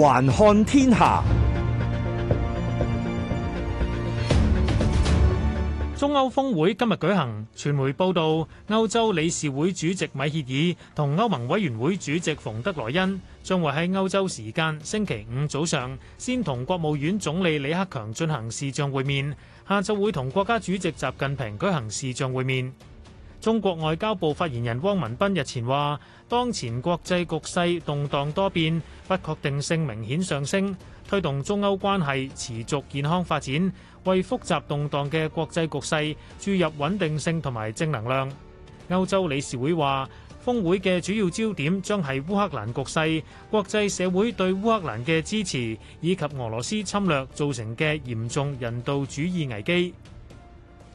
環看天下，中歐峰會今日舉行。傳媒報道，歐洲理事會主席米歇爾同歐盟委員會主席馮德萊恩將會喺歐洲時間星期五早上先同國務院總理李克強進行視像會面，下晝會同國家主席習近平舉行視像會面。中國外交部發言人汪文斌日前話：當前國際局勢動盪多變，不確定性明顯上升，推動中歐關係持續健康發展，為複雜動盪嘅國際局勢注入穩定性同埋正能量。歐洲理事會話，峰會嘅主要焦點將係烏克蘭局勢、國際社會對烏克蘭嘅支持以及俄羅斯侵略造成嘅嚴重人道主義危機。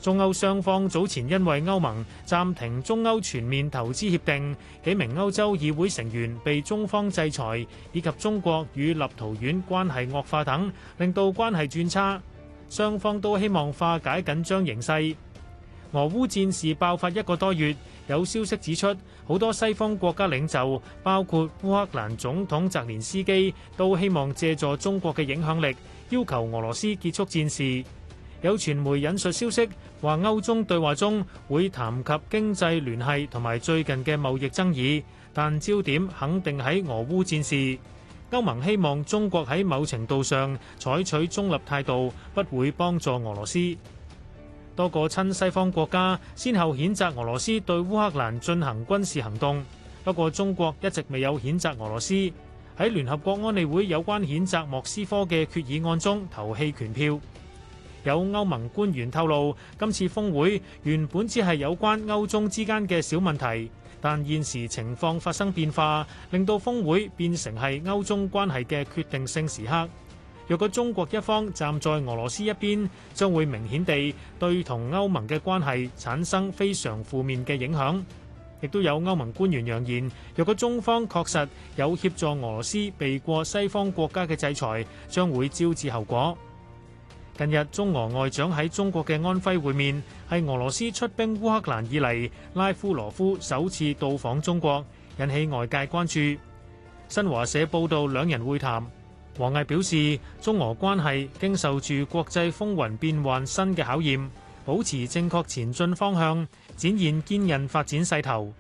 中歐雙方早前因為歐盟暫停中歐全面投資協定、幾名歐洲議會成員被中方制裁，以及中國與立陶宛關係惡化等，令到關係轉差。雙方都希望化解緊張形勢。俄烏戰事爆發一個多月，有消息指出，好多西方國家領袖，包括烏克蘭總統澤連斯基，都希望借助中國嘅影響力，要求俄羅斯結束戰事。有傳媒引述消息話，歐中對話中會談及經濟聯繫同埋最近嘅貿易爭議，但焦點肯定喺俄烏戰事。歐盟希望中國喺某程度上採取中立態度，不會幫助俄羅斯。多個親西方國家先後譴責俄羅斯對烏克蘭進行軍事行動，不過中國一直未有譴責俄羅斯。喺聯合國安理會有關譴責莫斯科嘅決議案中投棄權票。有歐盟官員透露，今次峰會原本只係有關歐中之間嘅小問題，但現時情況發生變化，令到峰會變成係歐中關係嘅決定性時刻。若果中國一方站在俄羅斯一邊，將會明顯地對同歐盟嘅關係產生非常負面嘅影響。亦都有歐盟官員揚言，若果中方確實有協助俄羅斯避過西方國家嘅制裁，將會招致後果。近日中俄外長喺中國嘅安徽會面，係俄羅斯出兵烏克蘭以嚟拉夫羅夫首次到訪中國，引起外界關注。新華社報道兩人會談，王毅表示，中俄關係經受住國際風雲變幻新嘅考驗，保持正確前進方向，展現堅韌發展勢頭。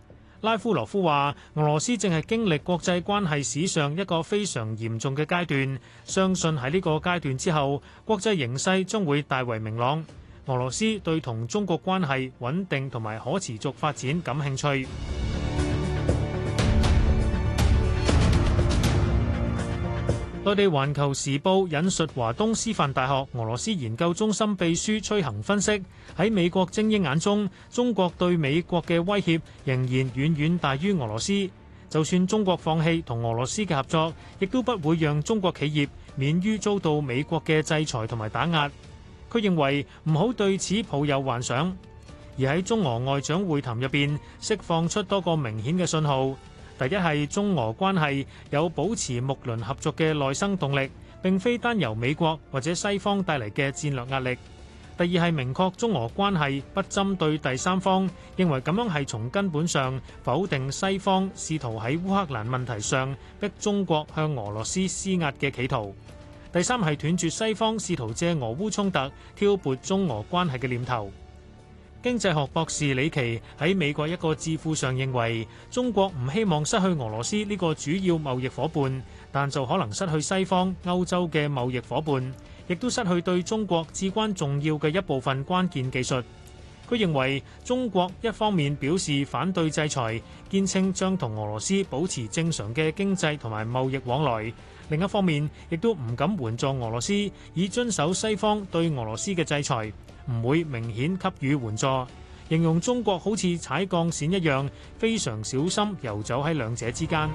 拉夫羅夫話：俄羅斯正係經歷國際關係史上一個非常嚴重嘅階段，相信喺呢個階段之後，國際形勢將會大為明朗。俄羅斯對同中國關係穩定同埋可持續發展感興趣。內地《環球時報》引述華東師範大學俄羅斯研究中心秘書崔行分析：喺美國精英眼中，中國對美國嘅威脅仍然遠遠大於俄羅斯。就算中國放棄同俄羅斯嘅合作，亦都不會讓中國企業免於遭到美國嘅制裁同埋打壓。佢認為唔好對此抱有幻想。而喺中俄外長會談入邊，釋放出多個明顯嘅信號。第一係中俄關係有保持睦鄰合作嘅內生動力，並非單由美國或者西方帶嚟嘅戰略壓力。第二係明確中俄關係不針對第三方，認為咁樣係從根本上否定西方試圖喺烏克蘭問題上逼中國向俄羅斯施壓嘅企圖。第三係斷絕西方試圖借俄烏衝突挑撥中俄關係嘅念頭。經濟學博士李琦喺美國一個智庫上認為，中國唔希望失去俄羅斯呢個主要貿易伙伴，但就可能失去西方、歐洲嘅貿易伙伴，亦都失去對中國至關重要嘅一部分關鍵技術。佢認為，中國一方面表示反對制裁，堅稱將同俄羅斯保持正常嘅經濟同埋貿易往來；另一方面，亦都唔敢援助俄羅斯，以遵守西方對俄羅斯嘅制裁。唔會明顯給予援助，形容中國好似踩鋼線一樣，非常小心遊走喺兩者之間。